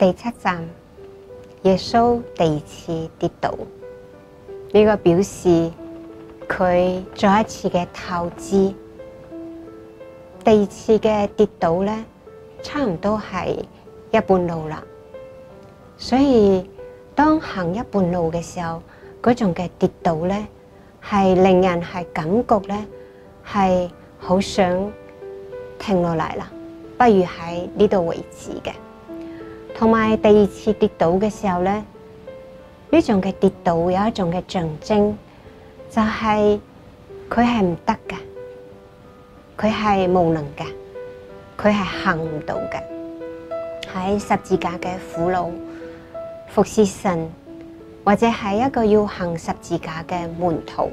第七站，耶穌第二次跌倒，呢、這個表示佢再一次嘅透支。第二次嘅跌倒咧，差唔多係一半路啦。所以當行一半路嘅時候，嗰種嘅跌倒咧，係令人係感覺咧，係好想停落嚟，啦，不如喺呢度為止嘅。同埋第二次跌倒嘅時候咧，呢種嘅跌倒有一種嘅象徵，就係佢係唔得嘅，佢係無能嘅，佢係行唔到嘅。喺十字架嘅苦路服侍神，或者係一個要行十字架嘅門徒，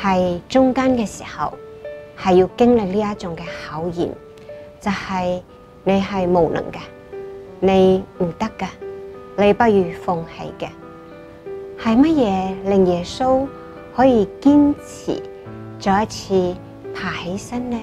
係中間嘅時候係要經歷呢一種嘅考驗，就係、是、你係無能嘅。你唔得㗎，你不如放棄嘅。係乜嘢令耶穌可以堅持再一次爬起身呢？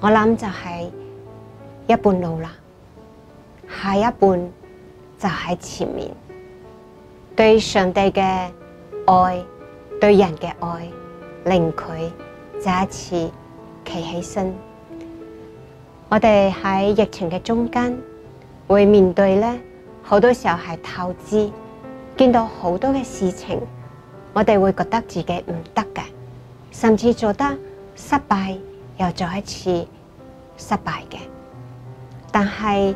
我諗就係一半路啦，下一半就喺前面。對上帝嘅愛，對人嘅愛，令佢再一次企起身。我哋喺疫情嘅中間，會面對咧，好多時候係透支，見到好多嘅事情，我哋會覺得自己唔得嘅，甚至做得失敗，又再一次失敗嘅。但係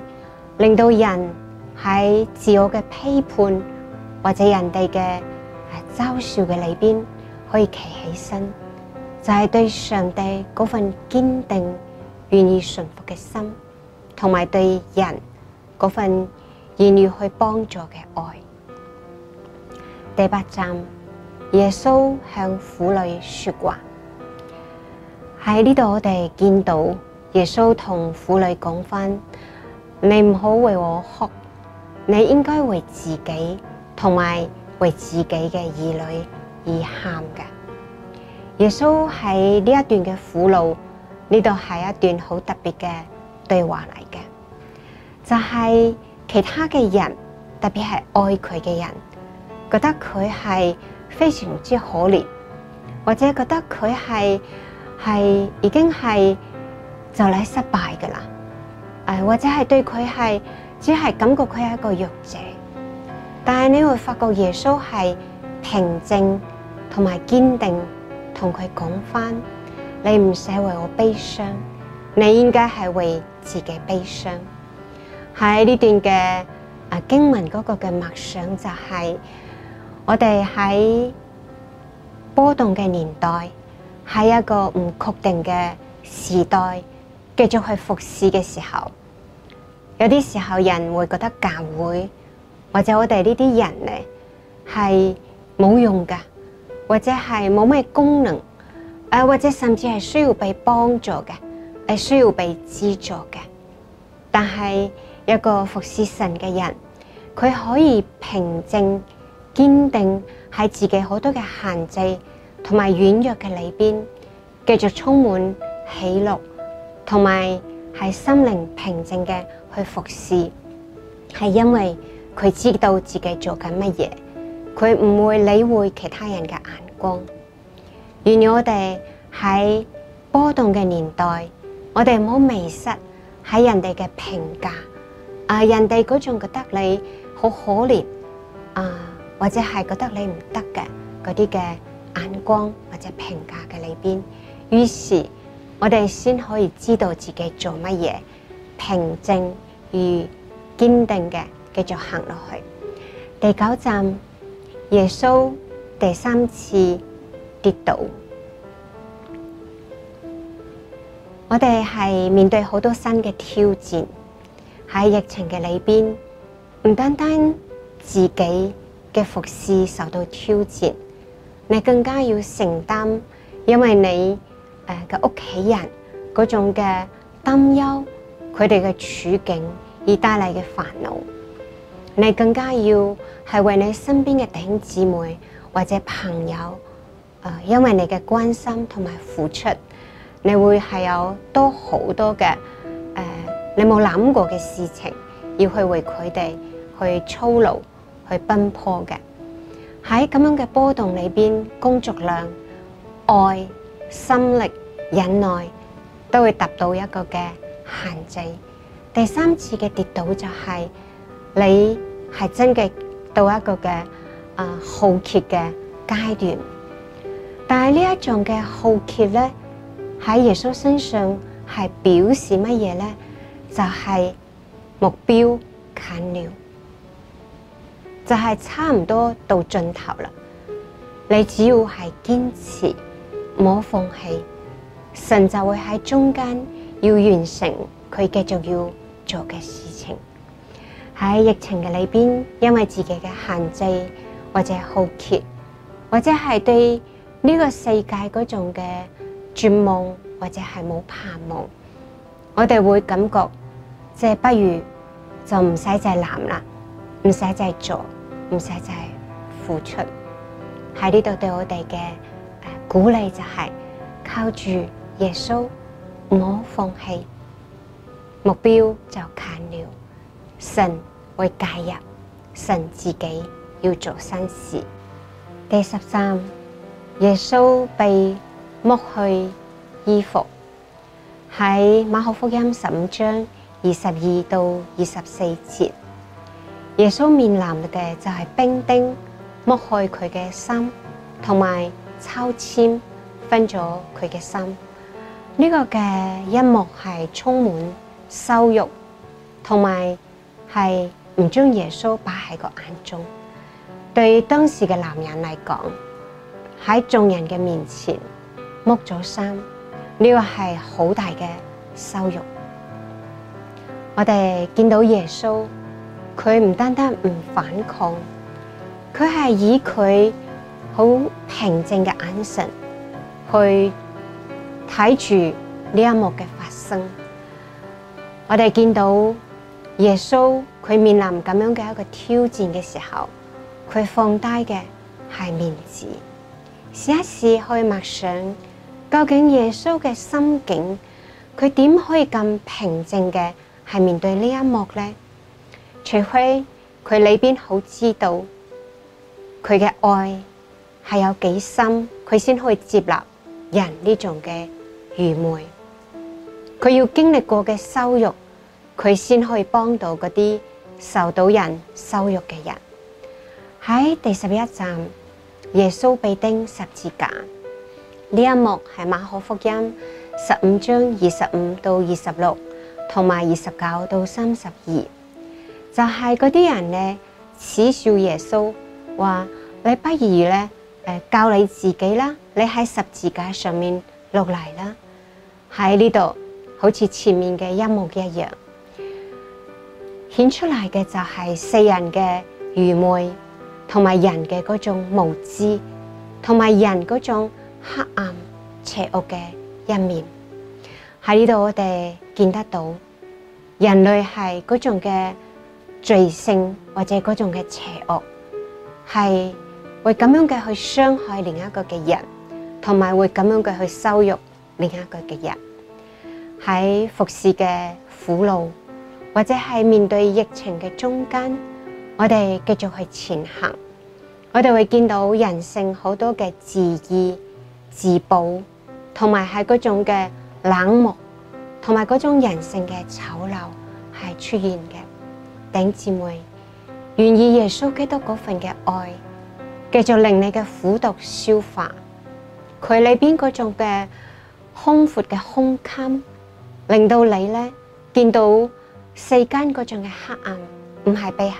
令到人喺自我嘅批判或者人哋嘅、呃、嘲笑嘅裏邊，可以企起身，就係、是、對上帝嗰份堅定、願意順服嘅心，同埋對人。嗰份願意去幫助嘅愛。第八站，耶穌向婦女說話。喺呢度我哋見到耶穌同婦女講翻，你唔好為我哭，你應該為自己同埋為自己嘅兒女而喊嘅。耶穌喺呢一段嘅苦路，呢度係一段好特別嘅對話嚟嘅。就係其他嘅人，特別係愛佢嘅人，覺得佢係非常之可憐，或者覺得佢係係已經係就嚟失敗噶啦，誒，或者係對佢係只係感覺佢係一個弱者。但係你會發覺耶穌係平靜同埋堅定，同佢講翻：你唔使為我悲傷，你應該係為自己悲傷。喺呢段嘅啊經文嗰個嘅默想就係我哋喺波動嘅年代，喺一個唔確定嘅時代，繼續去服侍嘅時候，有啲時候人會覺得教會或者我哋呢啲人咧係冇用㗎，或者係冇咩功能，啊或者甚至係需要被幫助嘅，係需要被資助嘅，但係，一個服侍神嘅人，佢可以平靜堅定，喺自己好多嘅限制同埋軟弱嘅裏邊，繼續充滿喜樂，同埋喺心靈平靜嘅去服侍，係因為佢知道自己做緊乜嘢，佢唔會理會其他人嘅眼光。願我哋喺波動嘅年代，我哋唔好迷失喺人哋嘅評價。啊！人哋嗰種覺得你好可憐啊，或者係覺得你唔得嘅嗰啲嘅眼光或者評價嘅裏邊，於是我哋先可以知道自己做乜嘢，平靜與堅定嘅繼續行落去。第九站，耶穌第三次跌倒，我哋係面對好多新嘅挑戰。喺疫情嘅裏邊，唔單單自己嘅服侍受到挑戰，你更加要承擔，因為你誒嘅屋企人嗰種嘅擔憂，佢哋嘅處境而帶嚟嘅煩惱，你更加要係為你身邊嘅弟兄姊妹或者朋友，誒，因為你嘅關心同埋付出，你會係有多好多嘅。你冇諗過嘅事情，要去為佢哋去操勞、去奔波嘅。喺咁樣嘅波動裏邊，工作量、愛、心力、忍耐都會達到一個嘅限制。第三次嘅跌倒就係你係真嘅到一個嘅啊耗竭嘅階段。但係呢一種嘅耗竭咧，喺耶穌身上係表示乜嘢咧？就係目標近了，就係差唔多到盡頭啦。你只要係堅持，唔好放棄，神就會喺中間要完成佢繼續要做嘅事情。喺疫情嘅裏邊，因為自己嘅限制或者好怯，或者係對呢個世界嗰種嘅絕望，或者係冇盼望，我哋會感覺。即係不如就唔使再難啦，唔使再做，唔使再付出。喺呢度對我哋嘅鼓勵就係靠住耶穌，唔好放棄，目標就近了。神會介入，神自己要做新事。第十三，耶穌被剝去衣服，喺馬可福音十五章。二十二到二十四節，耶穌面臨嘅就係兵丁剝開佢嘅衫，同埋抽簽分咗佢嘅衫。呢、這個嘅一幕係充滿羞辱，同埋係唔將耶穌擺喺個眼中。對當時嘅男人嚟講，喺眾人嘅面前剝咗衫，呢、這個係好大嘅羞辱。我哋見到耶穌，佢唔單單唔反抗，佢係以佢好平靜嘅眼神去睇住呢一幕嘅發生。我哋見到耶穌，佢面臨咁樣嘅一個挑戰嘅時候，佢放低嘅係面子。試一試去默想，究竟耶穌嘅心境，佢點可以咁平靜嘅？係面對呢一幕咧，除非佢裏邊好知道佢嘅愛係有幾深，佢先可以接納人呢種嘅愚昧。佢要經歷過嘅羞辱，佢先可以幫到嗰啲受到人羞辱嘅人。喺第十一站，耶穌被釘十字架呢一幕，係馬可福音十五章二十五到二十六。同埋二十九到三十二，就係嗰啲人咧恥笑耶穌，話你不如咧誒教你自己啦，你喺十字架上面落嚟啦。喺呢度好似前面嘅一幕一樣，顯出嚟嘅就係世人嘅愚昧，同埋人嘅嗰種無知，同埋人嗰種黑暗邪惡嘅一面。喺呢度，我哋見得到人類係嗰種嘅罪性，或者嗰種嘅邪惡，係會咁樣嘅去傷害另一個嘅人，同埋會咁樣嘅去羞辱另一個嘅人。喺服侍嘅苦路，或者係面對疫情嘅中間，我哋繼續去前行。我哋會見到人性好多嘅自義、自保，同埋喺嗰種嘅。冷漠同埋嗰種人性嘅醜陋係出現嘅，頂姊妹，願意耶穌基督嗰份嘅愛，繼續令你嘅苦毒消化，佢裏邊嗰種嘅空闊嘅胸襟，令到你咧見到世間嗰種嘅黑暗，唔係被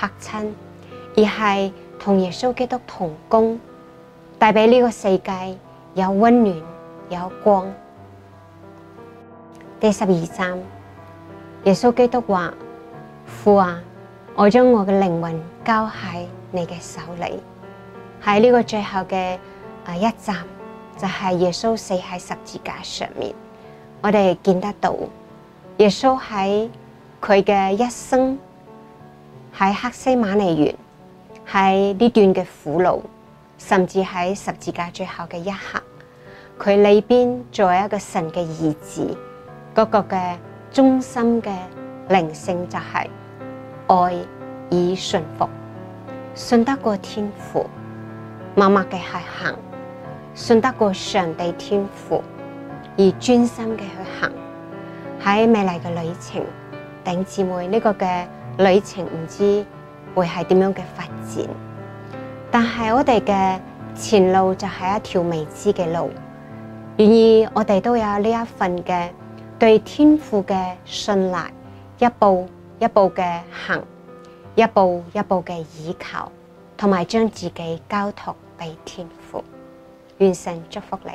嚇親，而係同耶穌基督同工，帶俾呢個世界有溫暖有光。第十二站，耶穌基督話，父啊，我將我嘅靈魂交喺你嘅手裏。喺呢個最後嘅啊一站，就係、是、耶穌死喺十字架上面。我哋見得到耶穌喺佢嘅一生，喺客西馬尼園，喺呢段嘅苦路，甚至喺十字架最後嘅一刻，佢裏邊作為一個神嘅意志個個嘅忠心嘅靈性就係愛以順服，信得過天父默默嘅去行，信得過上帝天父而專心嘅去行喺未來嘅旅程。頂姊妹呢個嘅旅程唔知會係點樣嘅發展，但係我哋嘅前路就係一條未知嘅路，然而我哋都有呢一份嘅。對天父嘅信賴，一步一步嘅行，一步一步嘅倚靠，同埋將自己交託俾天父，完成祝福你。